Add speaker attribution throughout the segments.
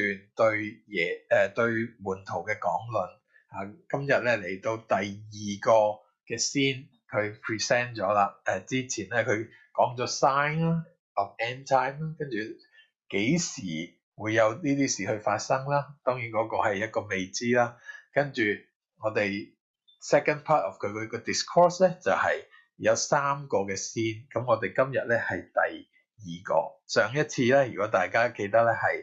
Speaker 1: 段對耶誒、uh, 對門徒嘅講論嚇，今日咧嚟到第二個嘅先，佢 present 咗啦誒、啊，之前咧佢講咗 sign 啦，of end time 啦，跟住幾時會有呢啲事去發生啦？當然嗰個係一個未知啦。跟住我哋 second part of 佢個 discourse 咧，就係、是、有三個嘅先，咁我哋今日咧係第二個。上一次咧，如果大家記得咧係。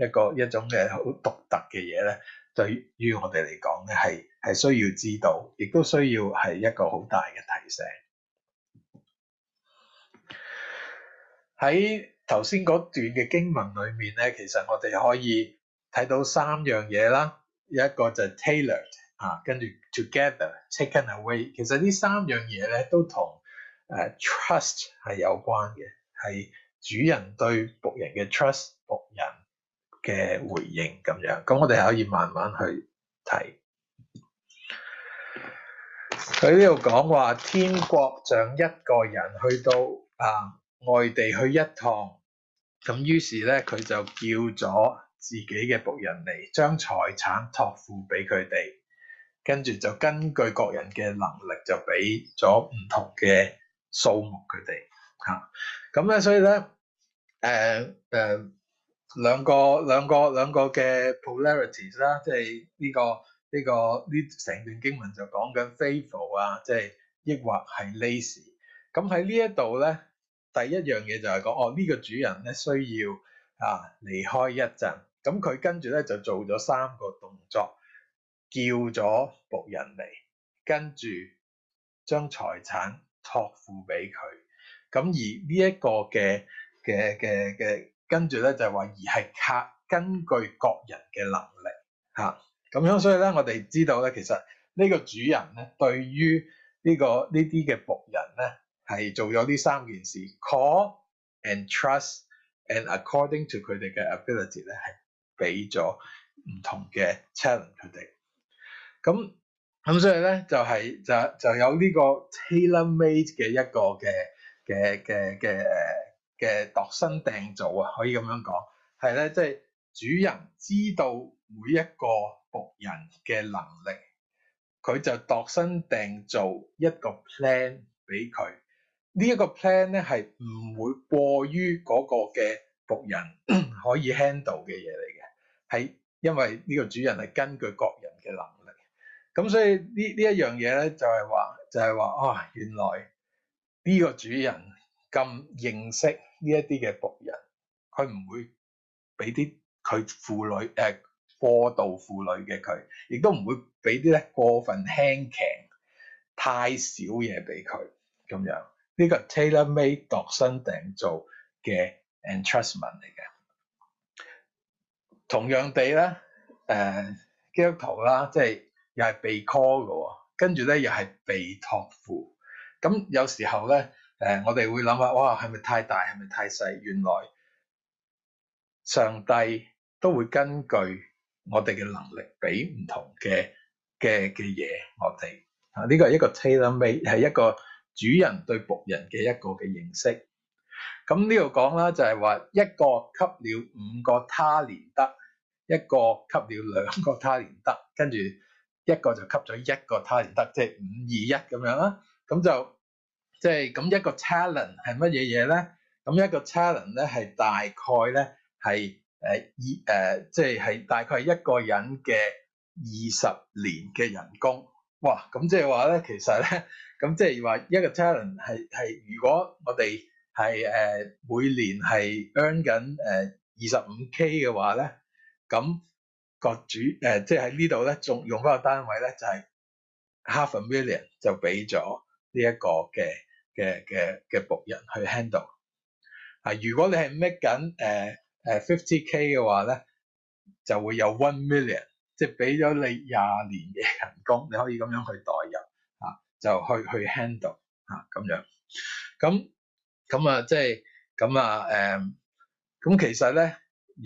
Speaker 1: 一個一種嘅好獨特嘅嘢咧，對於我哋嚟講咧，係係需要知道，亦都需要係一個好大嘅提醒。喺頭先嗰段嘅經文裏面咧，其實我哋可以睇到三樣嘢啦。一個就係 tailored 啊，跟住 together taken away。其實呢三樣嘢咧都同誒 trust 係有關嘅，係主人對僕人嘅 trust，僕人嘅回應咁樣，咁我哋可以慢慢去睇。佢呢度講話天國像一個人去到啊外地去一趟，咁於是咧佢就叫咗自己嘅僕人嚟，將財產託付俾佢哋，跟住就根據各人嘅能力就俾咗唔同嘅數目佢哋。吓、啊，咁咧所以咧，誒、呃、誒。呃兩個兩個兩個嘅 polarities 啦，即係呢個呢個呢成段經文就講緊 faithful 啊，即係抑或係 lazy。咁喺呢一度咧，第一樣嘢就係講哦，呢個主人咧需要啊離開一陣，咁佢跟住咧就做咗三個動作，叫咗僕人嚟，跟住將財產託付俾佢。咁而呢一個嘅嘅嘅嘅。跟住咧就係、是、話，而係卡根據各人嘅能力嚇，咁、啊、樣所以咧我哋知道咧，其實呢個主人咧對於呢、這個呢啲嘅僕人咧係做咗呢三件事，call and trust and according to 佢哋嘅 ability 咧係俾咗唔同嘅 challenge 佢哋。咁、啊、咁所以咧就係、是、就就有呢個 tailor made 嘅一個嘅嘅嘅嘅誒。嘅度身訂造啊，可以咁樣講，係咧，即係主人知道每一個僕人嘅能力，佢就度身訂造一個 plan 俾佢。呢一個 plan 咧係唔會過於嗰個嘅僕人 可以 handle 嘅嘢嚟嘅，係因為呢個主人係根據各人嘅能力。咁所以呢呢一樣嘢咧就係話就係話啊，原來呢個主人咁認識。呢一啲嘅僕人，佢唔會俾啲佢婦女，誒、呃、過度婦女嘅佢，亦都唔會俾啲咧過分輕強、太少嘢俾佢咁樣。呢、這個 tailor-made 度身定做嘅 entrustment 嚟嘅。同樣地咧，誒、呃、基督徒啦，即係又係被 call 嘅，跟住咧又係被託付。咁有時候咧。誒，我哋會諗下，哇，係咪太大，係咪太細？原來上帝都會根據我哋嘅能力，俾唔同嘅嘅嘅嘢我哋。啊，呢個係一個 tailor made，係一個主人對僕人嘅一個嘅認識。咁呢度講啦，就係話一個給了五個他連得，一個給了兩個他連得，跟住一個就給咗一個他連得，即係五二一咁樣啦，咁就。即係咁一個 talent 係乜嘢嘢咧？咁一個 talent 咧係大概咧係誒二誒，即係係大概一個人嘅二十年嘅人工。哇！咁即係話咧，其實咧，咁即係話一個 talent 係係如果我哋係誒每年係 earn 緊誒二十五 k 嘅話咧，咁個主誒即係喺呢度咧，仲用嗰個單位咧就係 half a million 就俾咗呢一個嘅嘅嘅嘅僕人去 handle 啊！如果你係 make 緊誒誒 fifty k 嘅話咧，就會有 one million，即係俾咗你廿年嘅人工，你可以咁樣去代入啊，就去去 handle 啊咁樣。咁、啊、咁啊，即係咁啊，誒、嗯，咁、啊嗯、其實咧，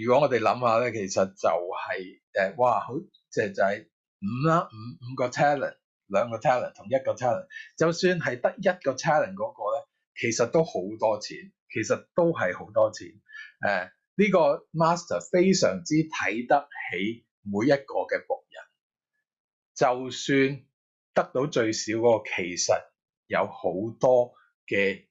Speaker 1: 如果我哋諗下咧，其實就係、是、誒、啊，哇，好正仔，五啦，五五個 talent。兩個 talent 同一個 talent，就算係得一個 talent 嗰個咧，其實都好多錢，其實都係好多錢。誒，呢個 master 非常之睇得起每一個嘅僕人，就算得到最少嗰個，其實有好多嘅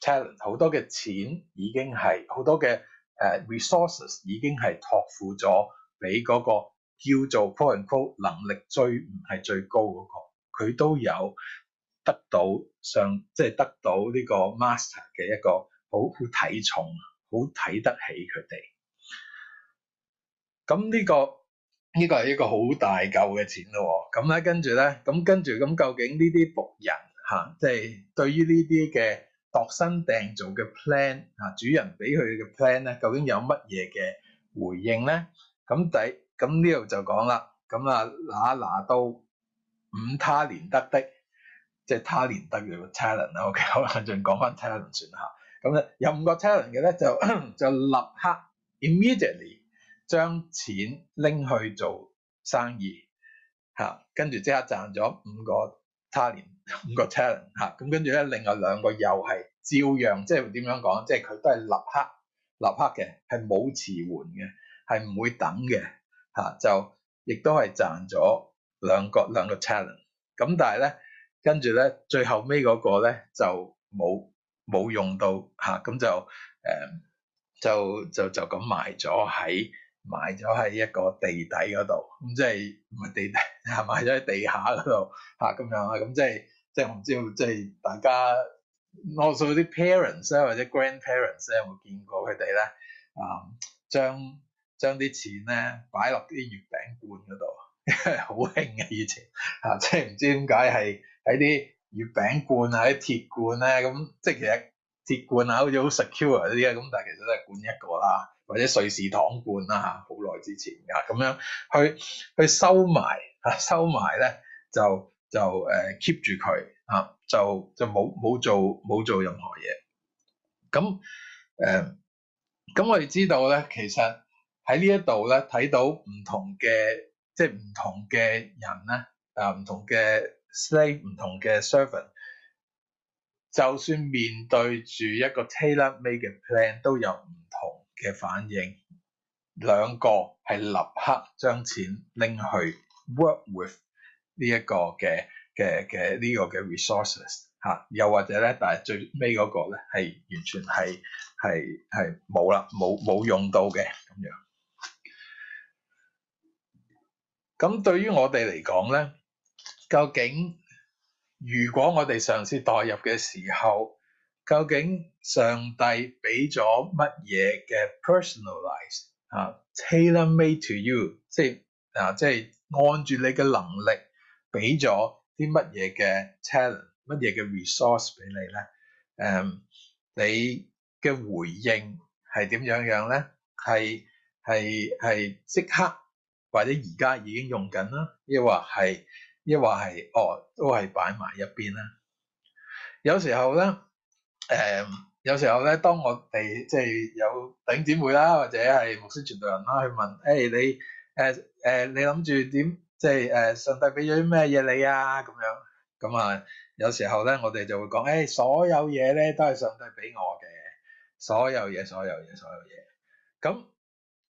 Speaker 1: talent，好多嘅錢已經係，好多嘅誒 resources 已經係托付咗俾嗰個。叫做 call and call 能力追唔係最高嗰個，佢都有得到上即係得到呢個 master 嘅一個好好睇重，好睇得起佢哋。咁呢、這個呢、這個係一個好大嚿嘅錢咯。咁、嗯、咧跟住咧，咁跟住咁究竟呢啲僕人嚇，即、啊、係、就是、對於呢啲嘅度身訂造嘅 plan 嚇、啊，主人俾佢嘅 plan 咧，究竟有乜嘢嘅回應咧？咁、嗯、第咁呢度就講啦，咁啊拿拿到五他連得的，即係他連得嘅 talent 啦、okay?，好啦我嘅口難盡講翻 talent 算啦咁咧有五個 talent 嘅咧就 就立刻 immediately 將錢拎去做生意嚇，跟住即刻賺咗五個 talent、啊。五個 talent 嚇。咁跟住咧另外兩個又係照樣即係點樣講，即係佢都係立刻立刻嘅，係冇遲緩嘅，係唔會等嘅。啊，就亦都係賺咗兩個兩個 talent，咁但係咧，跟住咧，最後尾嗰個咧就冇冇用到嚇，咁、啊、就誒、啊，就就就咁埋咗喺埋咗喺一個地底嗰度，咁即係唔係地底、啊、埋咗喺地下嗰度嚇咁樣啊，咁即係即係我唔知道，即、就、係、是、大家多數啲 parents 咧或者 grandparents 咧、啊、有冇見過佢哋咧啊將，將啲錢咧擺落啲月餅罐嗰度，好興嘅以前嚇，即係唔知點解係喺啲月餅罐啊、啲鐵罐咧，咁即係其實鐵罐啊，好似好 secure 啲嘅，咁但係其實都係罐一個啦，或者瑞士糖罐啊，好耐之前啊，咁樣去去收埋嚇，收埋咧就就誒 keep 住佢嚇，就就冇冇做冇做任何嘢。咁誒，咁、呃、我哋知道咧，其實。喺呢一度咧，睇到唔同嘅，即係唔同嘅人咧，啊唔同嘅 slave，唔同嘅 servant，就算面對住一個 tailor made 嘅 plan，都有唔同嘅反應，兩個係立刻將錢拎去 work with 呢一個嘅嘅嘅呢個嘅 resources 吓，啊，又或者咧，但係最尾嗰個咧係完全係係係冇啦，冇冇用到嘅咁樣。咁對於我哋嚟講咧，究竟如果我哋嘗試代入嘅時候，究竟上帝俾咗乜嘢嘅 personalised 啊 tailor-made to you，即係啊即係按住你嘅能力俾咗啲乜嘢嘅 talent，乜嘢嘅 resource 俾你咧？誒，你嘅回應係點樣樣咧？係係係即刻。或者而家已經用緊啦，抑或係，抑或係，哦，都係擺埋一邊啦。有時候咧，誒，有時候咧，當我哋即係有弟兄姊妹啦，或者係牧師傳道人啦，去問，誒你，誒誒，你諗住點？即係誒，上帝俾咗啲咩嘢你啊？咁樣，咁啊，有時候咧，我哋就會講，誒，所有嘢咧都係上帝俾我嘅，所有嘢，所有嘢，所有嘢，咁。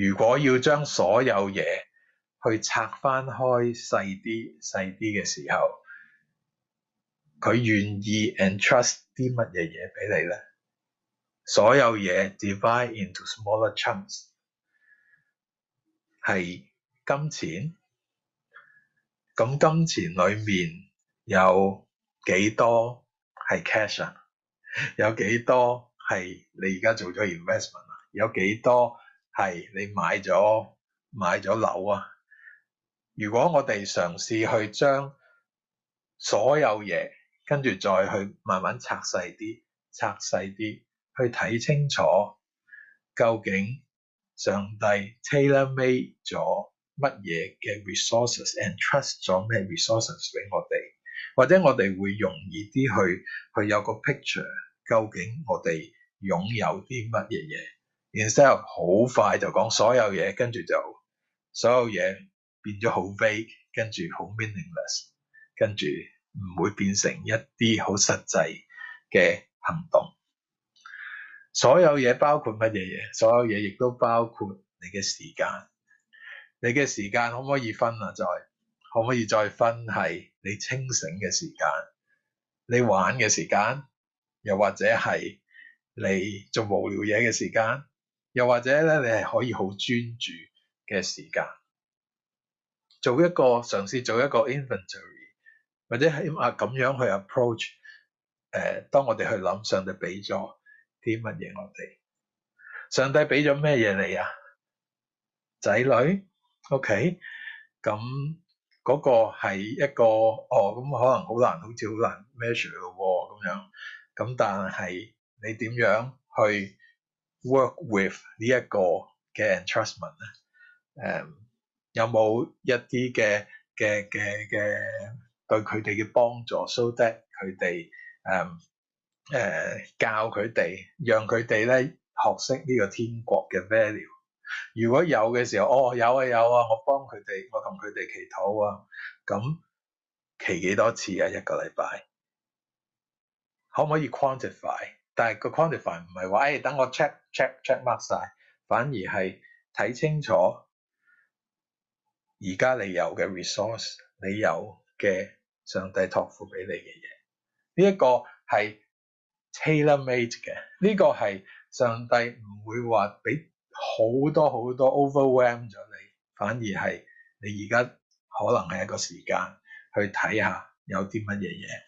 Speaker 1: 如果要將所有嘢去拆翻開細啲細啲嘅時候，佢願意 entrust 啲乜嘢嘢俾你咧？所有嘢 divide into smaller chunks 係金錢，咁金錢裡面有幾多係 cash？有幾多係你而家做咗 investment 啊？有幾多？係，你買咗買咗樓啊！如果我哋嘗試去將所有嘢跟住再去慢慢拆細啲，拆細啲去睇清楚，究竟上帝 tailor made 咗乜嘢嘅 resources and trust 咗咩 resources 俾我哋，或者我哋會容易啲去去有個 picture，究竟我哋擁有啲乜嘢嘢？Instead，好快就講所有嘢，跟住就所有嘢變咗好 vague，跟住好 meaningless，跟住唔會變成一啲好實際嘅行動。所有嘢包括乜嘢嘢？所有嘢亦都包括你嘅時間。你嘅時間可唔可以分啊？再可唔可以再分係你清醒嘅時間？你玩嘅時間，又或者係你做無聊嘢嘅時間？又或者咧，你係可以好專注嘅時間，做一個嘗試，嘗試做一個 inventory，或者係咁樣去 approach、呃。誒，當我哋去諗上帝俾咗啲乜嘢我哋，上帝俾咗咩嘢你啊？仔女，ok，咁嗰個係一個哦，咁可能好難，好似好難 measure 喎、哦，咁樣。咁但係你點樣去？Work with 呢、um, 一個嘅 entrustment 咧，誒，有冇一啲嘅嘅嘅嘅對佢哋嘅幫助，so that 佢哋誒誒教佢哋，讓佢哋咧學識呢個天國嘅 value。如果有嘅時候，哦有啊有啊，我幫佢哋，我同佢哋祈禱啊，咁祈禱幾多次啊？一個禮拜可唔可以 quantify？但係個 quantify 唔係話，誒、哎、等我 check。Check check mark 晒，反而係睇清楚而家你有嘅 resource，你有嘅上帝託付俾你嘅嘢，呢一個係 tailor made 嘅，呢個係上帝唔會話俾好多好多 overwhelm 咗你，反而係你而家可能係一個時間去睇下有啲乜嘢嘢。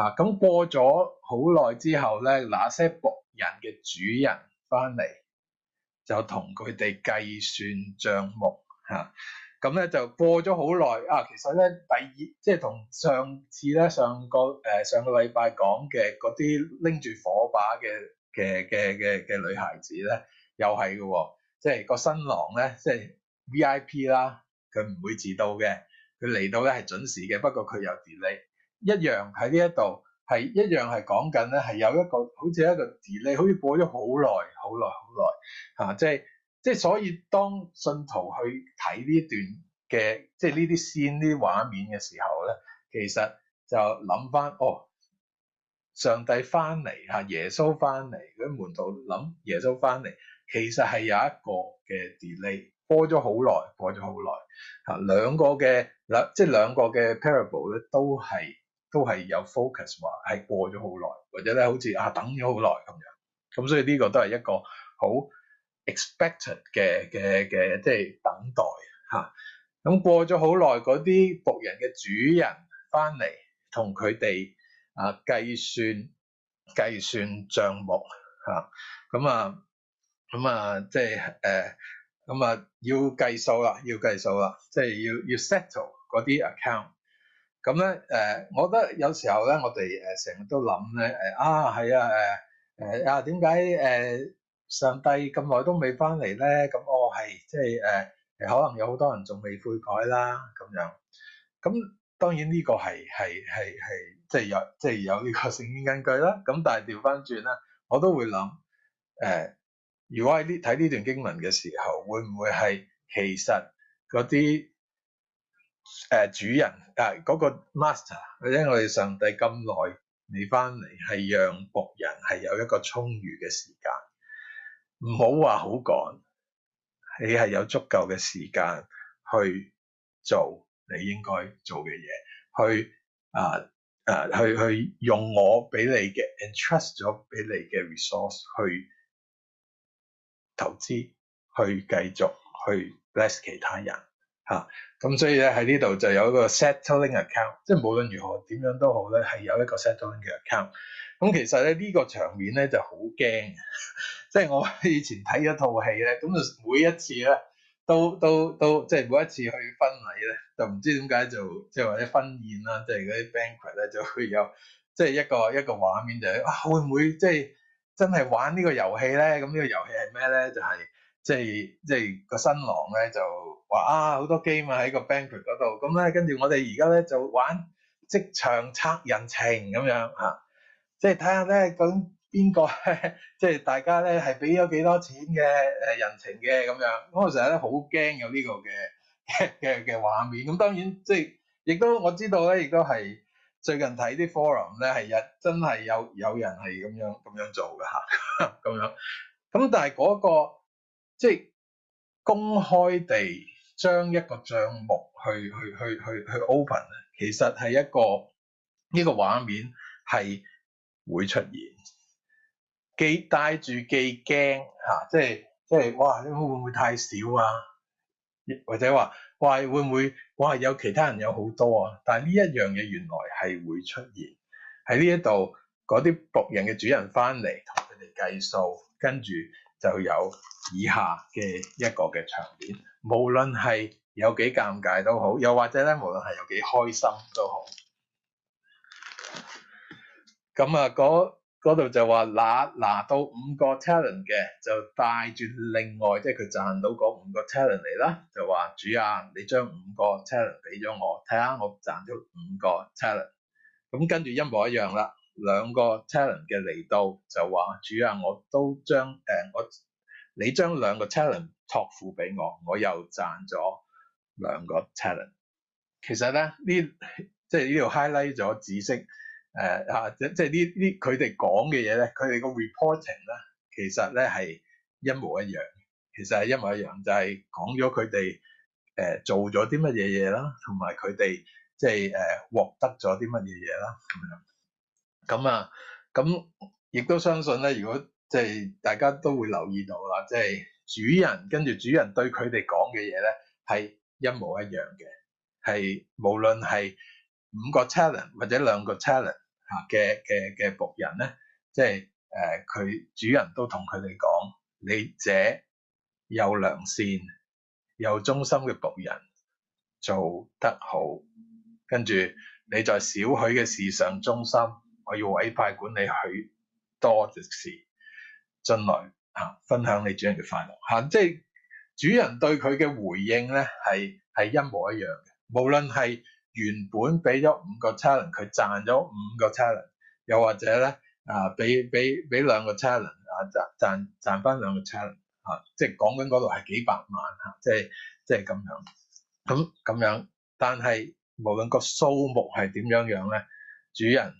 Speaker 1: 啊，咁過咗好耐之後咧，那些僕人嘅主人翻嚟，就同佢哋計算帳目嚇。咁咧就過咗好耐。啊，其實咧第二，即係同上次咧上個誒、呃、上個禮拜講嘅嗰啲拎住火把嘅嘅嘅嘅嘅女孩子咧，又係嘅喎。即係個新郎咧，即係 VIP 啦，佢唔會遲到嘅，佢嚟到咧係準時嘅，不過佢有 delay。一樣喺呢一度係一樣係講緊咧，係有一個好似一個 delay，好似播咗好耐、好耐、好耐嚇。即係即係，啊即係即係、所以當信徒去睇呢段嘅即係呢啲線、呢啲畫面嘅時候咧，其實就諗翻哦，上帝翻嚟嚇，耶穌翻嚟，咁門徒諗耶穌翻嚟，其實係有一個嘅 delay，播咗好耐，播咗好耐嚇。兩個嘅兩即係兩個嘅 parable 咧，都係。都係有 focus 話係過咗好耐，或者咧好似啊等咗好耐咁樣，咁所以呢個都係一個好 expected 嘅嘅嘅，即係等待嚇。咁、啊、過咗好耐，嗰啲僕人嘅主人翻嚟同佢哋啊計算計算帳目嚇，咁啊咁啊，啊即係誒咁啊要計數啦，要計數啦，即係要要 settle 嗰啲 account。咁咧，誒、嗯，我覺得有時候咧，我哋誒成日都諗咧，誒啊，係啊，誒誒啊，點解誒上帝咁耐都未翻嚟咧？咁我係即係誒，可能有好多人仲未悔改啦，咁樣。咁、嗯、當然呢個係係係係，即係、就是、有即係、就是、有呢個聖經根據啦。咁但係調翻轉啦，我都會諗誒、呃，如果喺呢睇呢段經文嘅時候，會唔會係其實嗰啲？誒，uh, 主人，誒，嗰個 master，或者我哋上帝咁耐未翻嚟，係讓僕人係有一個充裕嘅時間，唔好話好趕，你係有足夠嘅時間去做你應該做嘅嘢，去啊啊，uh, uh, 去去用我俾你嘅 entrust 咗俾你嘅 resource 去投資，去繼續去 bless 其他人。啊，咁所以咧喺呢度就有一個 settling account，即係無論如何點樣都好咧，係有一個 settling 嘅 account。咁其實咧呢個場面咧就好驚， 即係我以前睇一套戲咧，咁啊每一次咧都都都即係每一次去婚禮咧，就唔知點解就即係或者婚宴啦，即係嗰啲 banquet 咧就會有即係一個一個畫面就係啊會唔會即係真係玩呢個遊戲咧？咁呢個遊戲係咩咧？就係。即係即係個新郎咧就話啊好多 game 啊，喺、啊、個 banquet 嗰度咁咧，跟住我哋而家咧就玩即場測人情咁樣嚇、啊，即係睇下咧究竟邊個即係大家咧係俾咗幾多錢嘅誒人情嘅咁樣，樣，我成日咧好驚有呢個嘅嘅嘅畫面，咁當然即係亦都我知道咧，亦都係最近睇啲 forum 咧係有真係有有人係咁樣咁樣做嘅嚇咁樣，咁但係嗰、嗰個。即係公開地將一個帳目去去去去去 open 其實係一個呢個畫面係會出現，既帶住既驚嚇、啊，即係即係哇會會唔會太少啊？或者話話會唔會哇有其他人有好多啊？但係呢一樣嘢原來係會出現喺呢一度，嗰啲僕人嘅主人翻嚟同佢哋計數，跟住，就有以下嘅一個嘅場面，無論係有幾尷尬都好，又或者咧，無論係有幾開心都好。咁啊，嗰度就話拿拿到五個 talent 嘅，就帶住另外，即係佢賺到嗰五個 talent 嚟啦，就話主啊，你將五個 talent 俾咗我，睇下我賺咗五個 talent，咁跟住一模一樣啦。兩個 talent 嘅嚟到就話：主、呃、啊，我都將誒我你將兩個 talent 託付俾我，我又賺咗兩個 talent。其實咧，呢即係呢度 highlight 咗紫色誒嚇，即係、呃、呢呢佢哋講嘅嘢咧，佢哋個 reporting 咧，其實咧係一模一樣。其實係一模一樣，就係講咗佢哋誒做咗啲乜嘢嘢啦，同埋佢哋即係誒獲得咗啲乜嘢嘢啦咁樣。嗯咁啊，咁亦都相信咧，如果即係大家都會留意到啦，即係主人跟住主人對佢哋講嘅嘢咧，係一模一樣嘅，係無論係五個 talent 或者兩個 talent 嚇嘅嘅嘅僕人咧，即係誒佢主人都同佢哋講，你這有良善有忠心嘅僕人做得好，跟住你在少許嘅事上忠心。我要委派管理許多嘅事，進來、啊、分享你主人嘅快樂嚇、啊，即係主人對佢嘅回應咧，係係一模一樣嘅。無論係原本俾咗五個 challenge，佢賺咗五個 challenge，又或者咧啊，俾俾俾兩個 challenge 啊，賺賺賺翻兩個 challenge 嚇、啊，即係講緊嗰度係幾百萬嚇、啊，即係即係咁樣咁咁、嗯、樣，但係無論個數目係點樣樣咧，主人。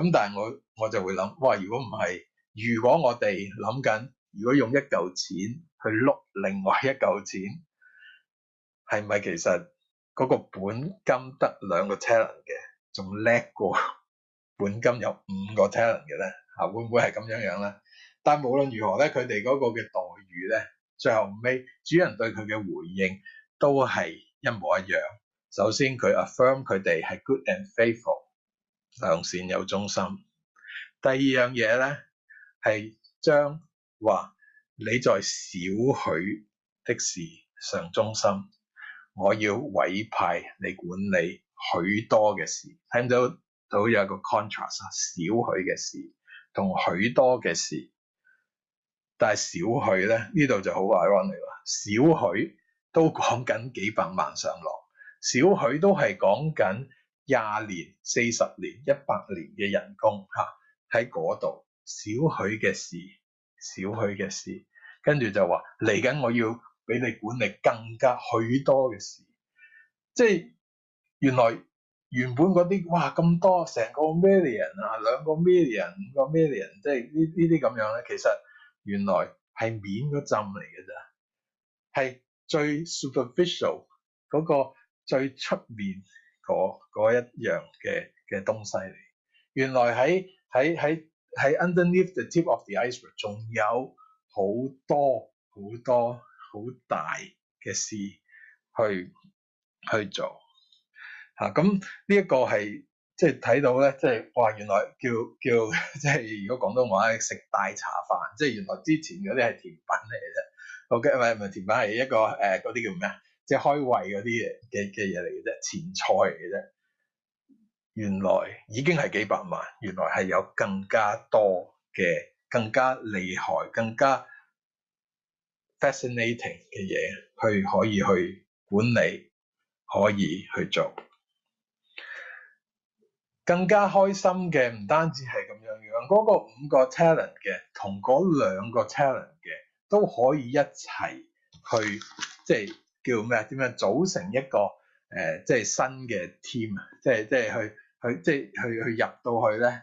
Speaker 1: 咁但係我我就會諗，哇！如果唔係，如果我哋諗緊，如果用一嚿錢去碌另外一嚿錢，係咪其實嗰個本金得兩個 talent 嘅，仲叻過本金有五個 talent 嘅咧？嚇，會唔會係咁樣樣咧？但係無論如何咧，佢哋嗰個嘅待遇咧，最後尾主人對佢嘅回應都係一模一樣。首先佢 affirm 佢哋係 good and faithful。良善有忠心。第二樣嘢咧，係將話你在少許的事上忠心，我要委派你管理許多嘅事。睇到到有個 contrast 啊，少許嘅事同許多嘅事，但係少許咧呢度就好 ironic 啊，少許都講緊幾百萬上落，少許都係講緊。廿年、四十年、一百年嘅人工吓喺嗰度，少許嘅事，少許嘅事，跟住就話嚟緊，我要俾你管理更加許多嘅事，即係原來原本嗰啲哇咁多成個 million 啊，兩個 million、五個 million，即係呢呢啲咁樣咧。其實原來係面嗰陣嚟嘅咋，係最 superficial 嗰個最出面。嗰一樣嘅嘅東西嚟，原來喺喺喺喺 underneath the tip of the iceberg 仲有好多好多好大嘅事去去做吓，咁呢一個係即係睇到咧，即係哇原來叫叫，叫即係如果廣東話食大茶飯，即係原來之前嗰啲係甜品嚟嘅啫。好嘅，唔係唔係甜品係一個誒嗰啲叫咩啊？即係開胃嗰啲嘅嘅嘢嚟嘅啫，前菜嚟嘅啫。原來已經係幾百萬，原來係有更加多嘅，更加厲害、更加 fascinating 嘅嘢去可以去管理，可以去做。更加開心嘅唔單止係咁樣樣，嗰個五個 talent 嘅同嗰兩個 talent 嘅都可以一齊去，即係。叫咩？點樣組成一個誒、呃，即係新嘅 team，即係即係去去即係去去入到去咧誒、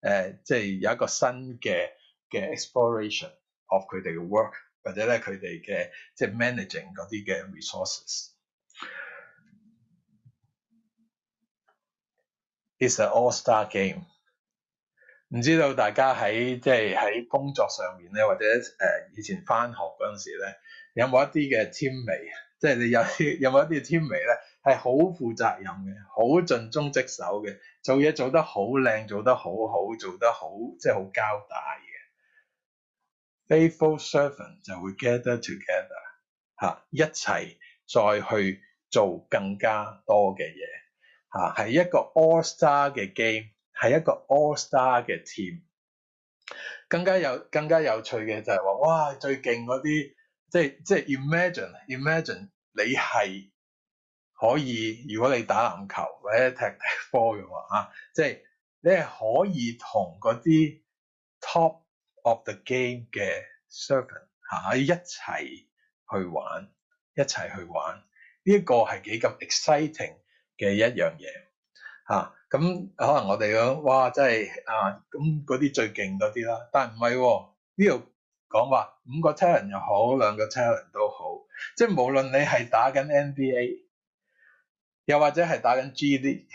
Speaker 1: 呃，即係有一個新嘅嘅 exploration of 佢哋嘅 work，或者咧佢哋嘅即係 managing 嗰啲嘅 resources It all。It's a all-star game。唔知道大家喺即係喺工作上面咧，或者誒、呃、以前返學嗰陣時咧，有冇一啲嘅 teammate？即係你有啲有冇一啲嘅 team mate 咧，係好負責任嘅，好盡忠職守嘅，做嘢做得好靚，做得好好，做得好即係好交代嘅。Faithful servant 就會 get 得 together 嚇，一齊再去做更加多嘅嘢嚇，係一個 all star 嘅 game，係一個 all star 嘅 team。更加有更加有趣嘅就係話，哇！最勁嗰啲。即係即係 imagine，imagine 你係可以，如果你打籃球或者踢波嘅話，嚇、啊，即係你係可以同嗰啲 top of the game 嘅 surfer 嚇喺一齊去玩，一齊去玩呢一、呢個係幾咁 exciting 嘅一樣嘢嚇。咁、啊、可能我哋講哇，真係啊，咁嗰啲最勁嗰啲啦，但係唔係喎呢度，呢個講話五個 talent 又好，兩個 talent 都好，即係無論你係打緊 NBA，又或者係打緊 GD，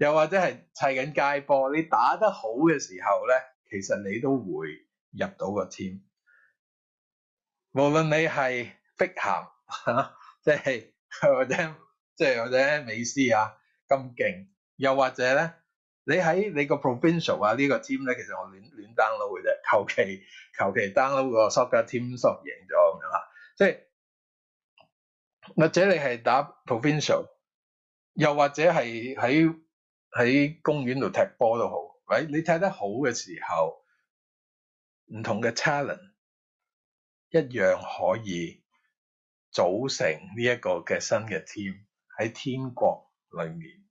Speaker 1: 又或者係砌緊街波，你打得好嘅時候咧，其實你都會入到個 team。無論你係碧咸，即係或者即係或者美斯啊咁勁，又或者咧。你喺你個 provincial 啊，呢、呢個 team 咧，其實我亂亂 download 嘅啫，求其求其 download 個 soft 嘅 team soft 贏咗咁樣嚇。即係、就是、或者你係打 provincial，又或者係喺喺公園度踢波都好。喂、right？你踢得好嘅時候，唔同嘅 challenge 一樣可以組成呢一個嘅新嘅 team 喺天國裏面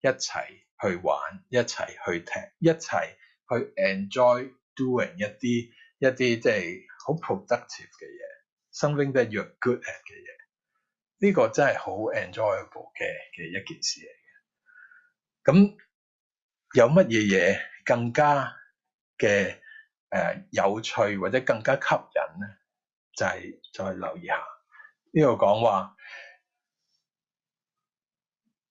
Speaker 1: 一齊去玩，一齊去踢，一齊去 enjoy doing 一啲一啲即係好 productive 嘅嘢，something that you're good at 嘅嘢，呢、這個真係好 enjoyable 嘅嘅一件事嚟嘅。咁有乜嘢嘢更加嘅誒、呃、有趣或者更加吸引咧？就係、是、再留意下呢度講話。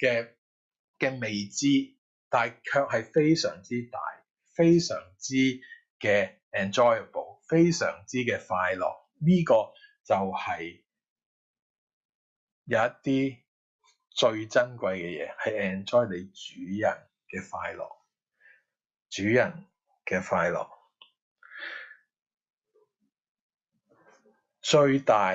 Speaker 1: 嘅嘅未知，但係卻係非常之大，非常之嘅 enjoyable，非常之嘅快樂。呢、這個就係有一啲最珍貴嘅嘢，係 enjoy 你主人嘅快樂，主人嘅快樂最大。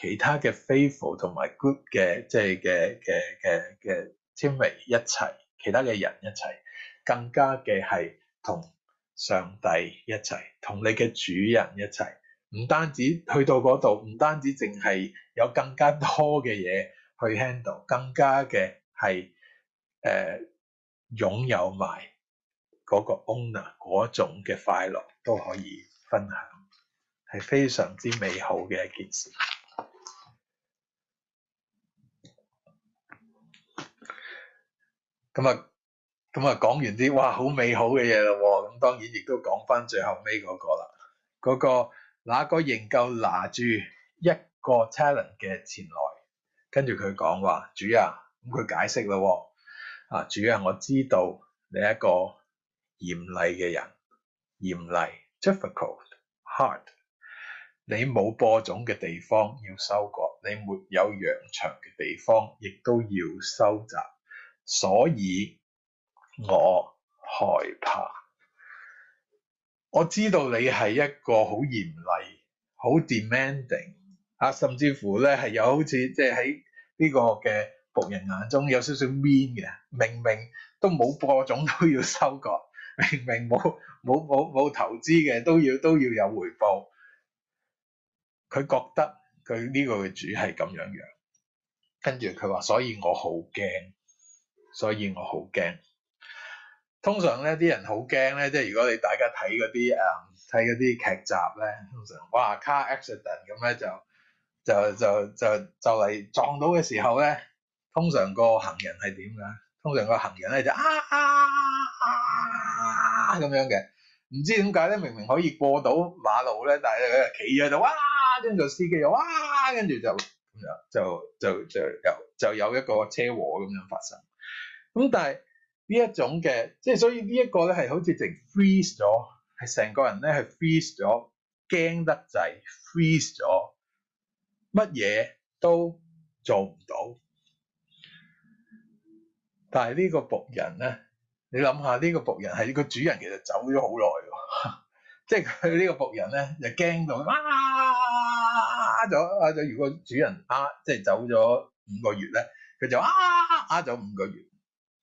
Speaker 1: 其他嘅 faithful 同埋 good 嘅，即係嘅嘅嘅嘅稱為一齊，其他嘅人一齊，更加嘅係同上帝一齊，同你嘅主人一齊，唔單止去到嗰度，唔單止淨係有更加多嘅嘢去 handle，更加嘅係誒擁有埋嗰個 owner 嗰種嘅快樂都可以分享，係非常之美好嘅一件事。咁啊，咁啊、嗯嗯，講完啲哇，好美好嘅嘢咯。咁、嗯、當然亦都講翻最後尾嗰個啦。嗰、那個哪個仍舊拿住一個,個 talent 嘅前來，跟住佢講話主啊，咁、嗯、佢解釋咯喎啊，主啊，我知道你係一個嚴厲嘅人，嚴厲 difficult，hard。Difficult, hard, 你冇播種嘅地方要收割，你沒有揚場嘅地方亦都要收集。所以我害怕。我知道你係一個好嚴厲、好 demanding 啊，甚至乎咧係有好似即係喺呢個嘅僕人眼中有少少 mean 嘅。明明都冇播種都要收割，明明冇冇冇冇投資嘅都要都要有回報。佢覺得佢呢個嘅主係咁樣樣，跟住佢話：所以我好驚。所以我好驚。通常咧，啲人好驚咧，即係如果你大家睇嗰啲誒睇嗰啲劇集咧，通常哇 car accident 咁咧就就就就就嚟撞到嘅時候咧，通常個行人係點㗎？通常個行人咧就啊啊啊咁、啊、樣嘅，唔知點解咧，明明可以過到馬路咧，但係佢企咗度，哇跟住司機又哇、啊、跟住就就就就就有就有一個車禍咁樣發生。咁但係呢一種嘅，即係所以呢一個咧係好似直 freeze 咗，係成個人咧係 freeze 咗，驚得滯，freeze 咗，乜嘢都做唔到。但係呢個僕人咧，你諗下呢個僕人係個主人其實走咗好耐喎，即係佢呢個僕人咧就驚到啊，呃咗啊咗。如果主人啊，即係走咗五個月咧，佢就啊啊咗五個月。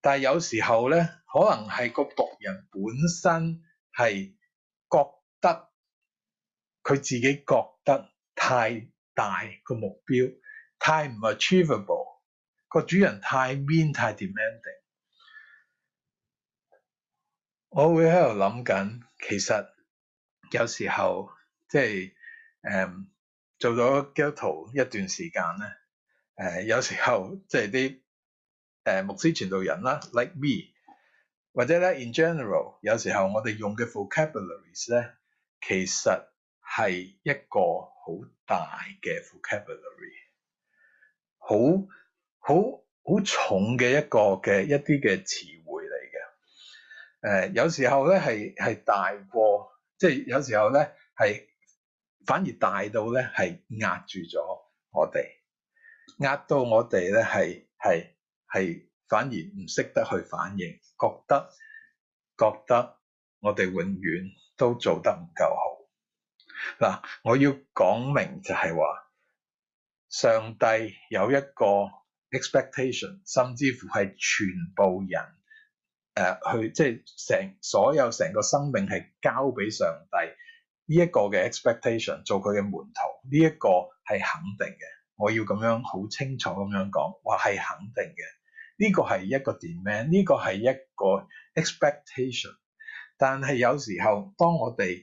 Speaker 1: 但係有時候咧，可能係個僕人本身係覺得佢自己覺得太大個目標，太唔 achievable，個主人太 mean 太 demanding。我會喺度諗緊，其實有時候即係誒做咗基督徒一段時間咧，誒、嗯、有時候即係啲。就是誒牧師傳道人啦，like me，或者咧 in general，有時候我哋用嘅 vocabulary 咧，其實係一個好大嘅 vocabulary，好好好重嘅一個嘅一啲嘅詞彙嚟嘅。誒有時候咧係係大過，即係有時候咧係反而大到咧係壓住咗我哋，壓到我哋咧係係係。反而唔識得去反應，覺得覺得我哋永遠都做得唔夠好。嗱，我要講明就係話，上帝有一個 expectation，甚至乎係全部人誒去、呃、即係成所有成個生命係交俾上帝呢一個嘅 expectation，做佢嘅門徒呢一個係肯定嘅。我要咁樣好清楚咁樣講，話係肯定嘅。呢個係一個 demand，呢個係一個 expectation。但係有時候，當我哋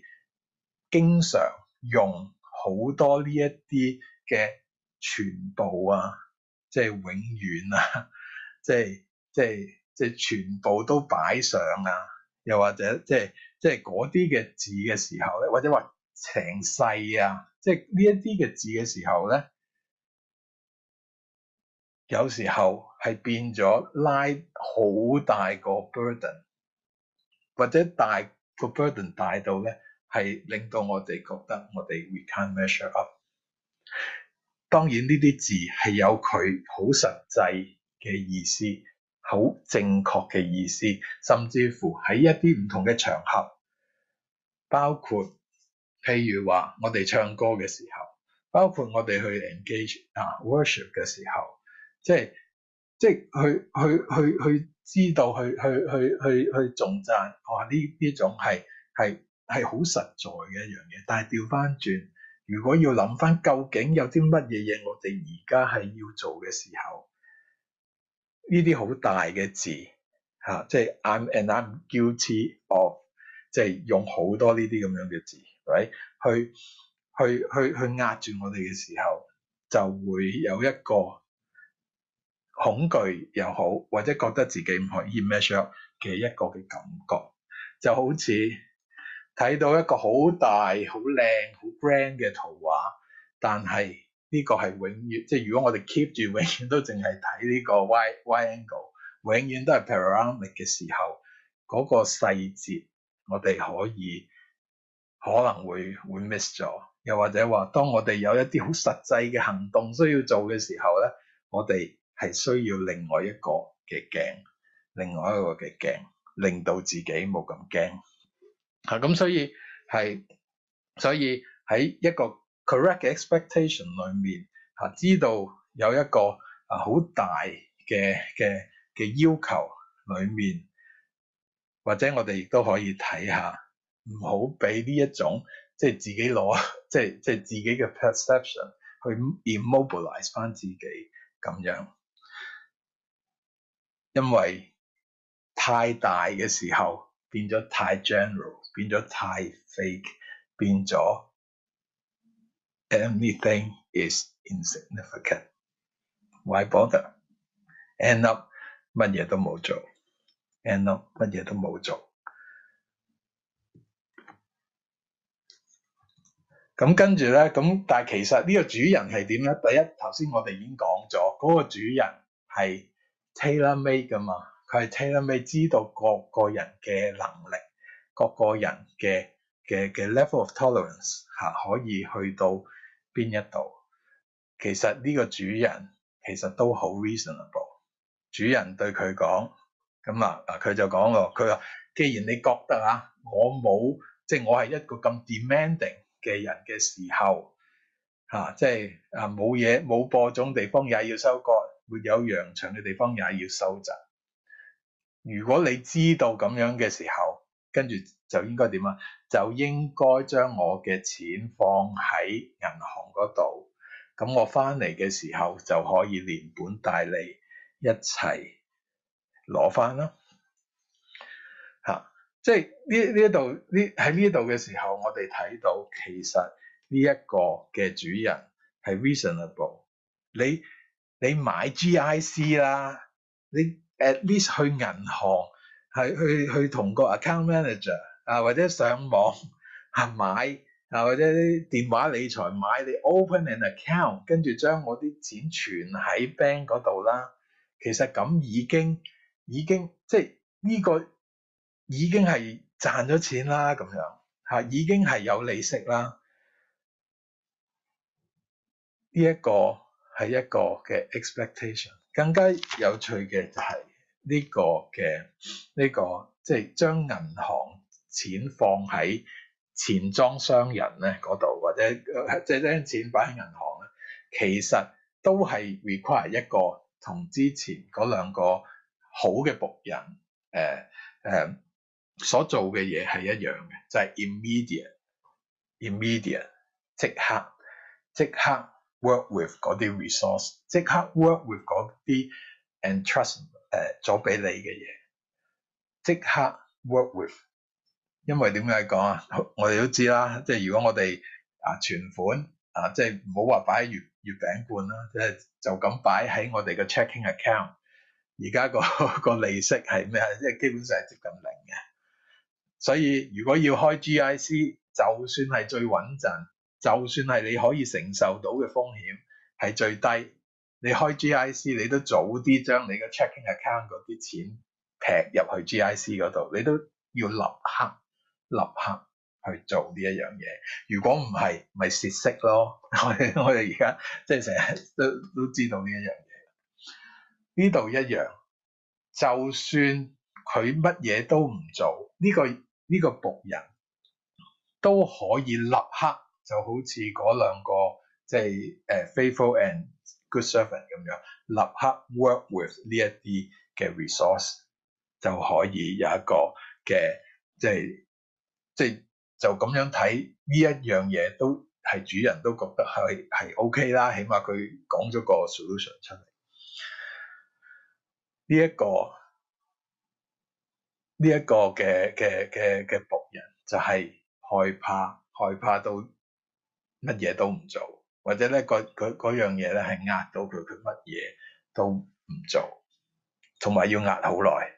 Speaker 1: 經常用好多呢一啲嘅全部啊，即係永遠啊，即係即係即係全部都擺上啊，又或者即係即係嗰啲嘅字嘅時候咧，或者話情勢啊，即係呢一啲嘅字嘅時候咧，有時候。係變咗拉好大個 burden，或者大個 burden 大到咧係令到我哋覺得我哋 we can't measure up。當然呢啲字係有佢好實際嘅意思，好正確嘅意思，甚至乎喺一啲唔同嘅場合，包括譬如話我哋唱歌嘅時候，包括我哋去 engage 啊、uh, worship 嘅時候，即係。即係去去去去知道去去去去去頌讚，哇！呢呢種係係係好實在嘅一樣嘢。但係掉返轉，如果要諗返究竟有啲乜嘢嘢，我哋而家係要做嘅時候，呢啲好大嘅字吓，即係 I'm and I'm guilty of，即係用好多呢啲咁樣嘅字，係、right? 咪？去去去去壓住我哋嘅時候，就會有一個。恐懼又好，或者覺得自己唔可以 imagine 嘅一個嘅感覺，就好似睇到一個好大、好靚、好 grand 嘅圖畫，但係呢個係永遠，即係如果我哋 keep 住永遠都淨係睇呢個 wide, wide angle，永遠都係 parallel 嘅時候，嗰、嗰個細節我哋可以可能會會 miss 咗，又或者話當我哋有一啲好實際嘅行動需要做嘅時候咧，我哋。係需要另外一個嘅鏡，另外一個嘅鏡，令到自己冇咁驚。嚇、啊、咁，所以係，所以喺一個 correct expectation 裏面嚇、啊，知道有一個啊好大嘅嘅嘅要求裏面，或者我哋亦都可以睇下，唔好俾呢一種即係、就是、自己攞，即係即係自己嘅 perception 去 immobilize 翻自己咁樣。因為太大嘅時候變咗太 general，變咗太 fake，變咗 everything is insignificant。Why bother？End up 乜嘢都冇做。End up 乜嘢都冇做。咁跟住咧，咁但係其實呢個主人係點咧？第一頭先我哋已經講咗，嗰個主人係 tailor-made 㗎嘛，佢係 tailor-made 知道各個人嘅能力，各個人嘅嘅嘅 level of tolerance 嚇、啊、可以去到邊一度。其實呢個主人其實都好 reasonable。主人對佢講咁啊，佢就講咯，佢話：既然你覺得啊，我冇即係我係一個咁 demanding 嘅人嘅時候嚇、啊，即係啊冇嘢冇播種地方也要收割。沒有揚場嘅地方也要收集。如果你知道咁樣嘅時候，跟住就應該點啊？就應該將我嘅錢放喺銀行嗰度。咁我翻嚟嘅時候就可以連本帶利一齊攞翻啦。吓、啊，即係呢呢一度呢喺呢度嘅時候，我哋睇到其實呢一個嘅主人係 reasonable。你。你買 GIC 啦，你 at least 去銀行係去去同個 account manager 啊，或者上網嚇、啊、買啊，或者啲電話理財買，你 open an account，跟住將我啲錢存喺 bank 嗰度啦。其實咁已經已經即係呢個已經係賺咗錢啦，咁樣嚇、啊、已經係有利息啦。呢、這、一個。係一個嘅 expectation。更加有趣嘅就係呢個嘅呢個，即係將銀行錢放喺錢莊商人咧嗰度，或者即係將錢擺喺銀行咧，其實都係 require 一個同之前嗰兩個好嘅僕人，誒、呃、誒、呃、所做嘅嘢係一樣嘅，就係、是、im immediate，immediate，即刻即刻。work with 嗰啲 resource，即刻 work with 嗰啲，and trust 誒、呃，咗俾你嘅嘢，即刻 work with。因為點解講啊？我哋都知啦，即係如果我哋啊存款啊，即係唔好話擺喺月月餅罐啦，即係就咁擺喺我哋嘅 checking account。而家個個利息係咩啊？即係基本上係接近零嘅。所以如果要開 GIC，就算係最穩陣。就算係你可以承受到嘅風險係最低，你開 GIC 你都早啲將你嘅 checking account 嗰啲錢劈入去 GIC 嗰度，你都要立刻立刻去做呢一樣嘢。如果唔係，咪蝕息咯。我哋而家即係成日都都知道呢一樣嘢。呢度一樣，就算佢乜嘢都唔做，呢個呢個僕人都可以立刻。就好似嗰兩個即係誒 faithful and good servant 咁樣，立刻 work with 呢一啲嘅 resource 就可以有一個嘅即係即係就咁樣睇呢一樣嘢，都係主人都覺得係係 OK 啦，起碼佢講咗個 solution 出嚟。呢一個呢一個嘅嘅嘅嘅僕人就係害怕，害怕到。乜嘢都唔做，或者咧，嗰嗰嗰樣嘢咧係壓到佢，佢乜嘢都唔做，同埋要壓好耐，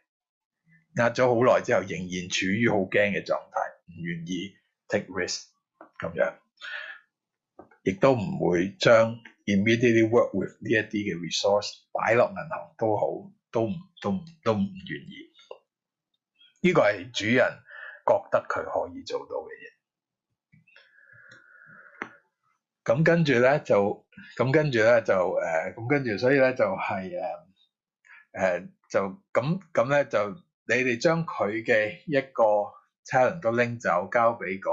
Speaker 1: 壓咗好耐之後，仍然處於好驚嘅狀態，唔願意 take risk 咁樣，亦都唔會將 immediately work with 呢一啲嘅 resource 擺落銀行都好，都唔都唔都唔願意。呢個係主人覺得佢可以做到嘅嘢。咁跟住咧就，咁跟住咧就，誒，咁跟住，所以咧就係，誒，誒，就咁，咁咧就，你哋將佢嘅一個 talent，都拎走，交俾個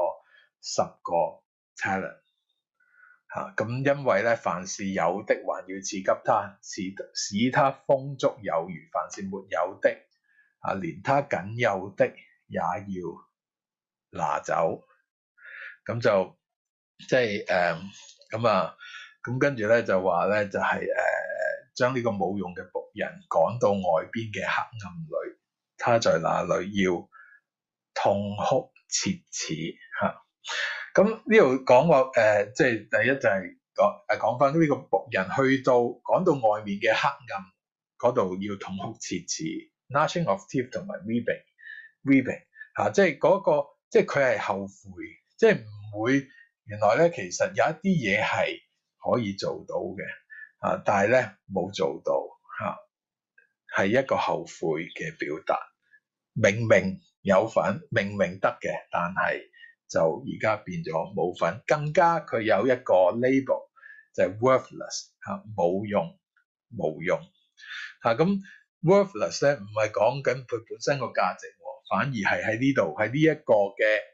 Speaker 1: 十個 talent，嚇、啊，咁因為咧，凡是有的，還要賜給他，使，使他豐足有餘，凡是沒有的，啊，連他僅有的也要拿走，咁、啊、就。即係誒，咁、嗯、啊，咁跟住咧就話咧就係、是、誒，將、呃、呢個冇用嘅僕人趕到外邊嘅黑暗裏，他在那裏要痛哭切齒吓？咁呢度講話誒，即係、呃就是、第一就係講誒，講翻呢個僕人去到趕到外面嘅黑暗嗰度要痛哭切齒，gnashing of teeth 同埋 weeping，weeping 吓，即係嗰、那個即係佢係後悔，即係唔會。原來咧，其實有一啲嘢係可以做到嘅，啊，但係咧冇做到，嚇係一個後悔嘅表達。明明有份，明明得嘅，但係就而家變咗冇份。更加佢有一個 label 就係 worthless 嚇，冇用冇用嚇。咁 worthless 咧唔係講緊佢本身個價值，反而係喺呢度喺呢一個嘅。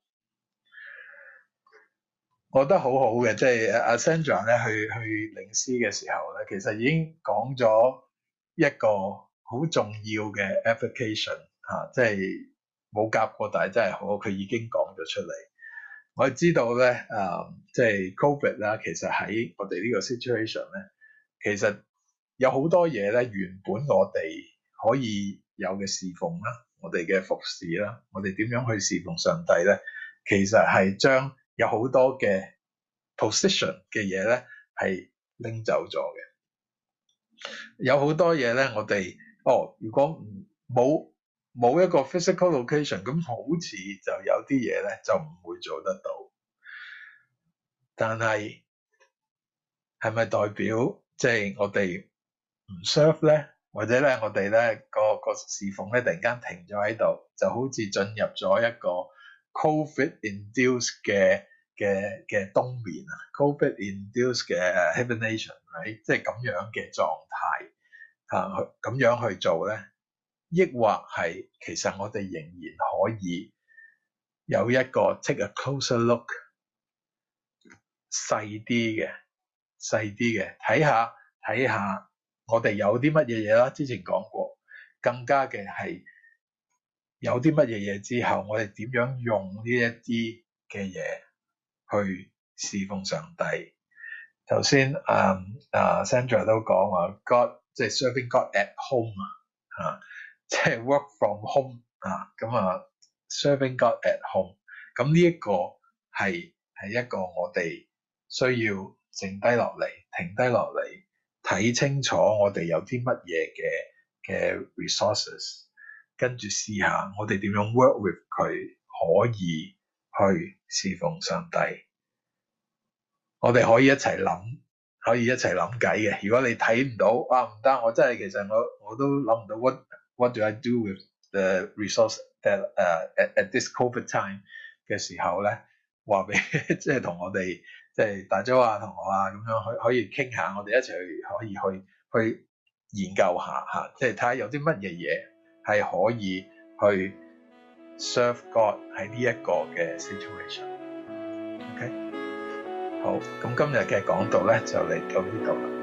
Speaker 1: 我覺得好好嘅，即係阿 Sandra 咧去去領詩嘅時候咧，其實已經講咗一個好重要嘅 application 嚇、啊，即係冇夾過，但係真係好，佢已經講咗出嚟。我知道咧，誒、啊，即係 COVID 啦，其實喺我哋呢個 situation 咧，其實有好多嘢咧，原本我哋可以有嘅侍奉啦，我哋嘅服侍啦，我哋點樣去侍奉上帝咧，其實係將。有好多嘅 position 嘅嘢咧，係拎走咗嘅。有好多嘢咧，我哋哦，如果唔冇冇一個 physical location，咁好似就有啲嘢咧就唔會做得到。但係係咪代表即係、即係、我哋唔 serve 咧，或者咧我哋咧、個個侍奉咧突然間停咗喺度，就好似進入咗一個？COVID induced 嘅嘅嘅冬眠啊，COVID induced 嘅、uh, hibernation、right? 即係咁樣嘅狀態啊，咁樣去做咧，抑或係其實我哋仍然可以有一個 take a closer look，細啲嘅，細啲嘅，睇下睇下我哋有啲乜嘢嘢啦，之前講過，更加嘅係。有啲乜嘢嘢之後，我哋點樣用呢一啲嘅嘢去侍奉上帝？頭先啊啊，Sandra 都講話 God 即係 serving God at home 啊，即係 work from home 啊，咁啊、uh, serving God at home。咁呢一個係係一個我哋需要剩低落嚟、停低落嚟睇清楚我，我哋有啲乜嘢嘅嘅 resources。跟住試下，我哋點樣 work with 佢可以去侍奉上帝？我哋可以一齊諗，可以一齊諗計嘅。如果你睇唔到啊，唔得，我真係其實我我都諗唔到 what what do I do with the resource that, uh, at at this covid time 嘅時候咧，話俾即係同我哋即係大周啊同學啊咁樣可以可以傾下，我哋一齊去可以去去研究下嚇，即係睇下有啲乜嘢嘢。係可以去 serve God 喺呢一個嘅 situation。OK，好，咁今日嘅講道咧就嚟到呢度。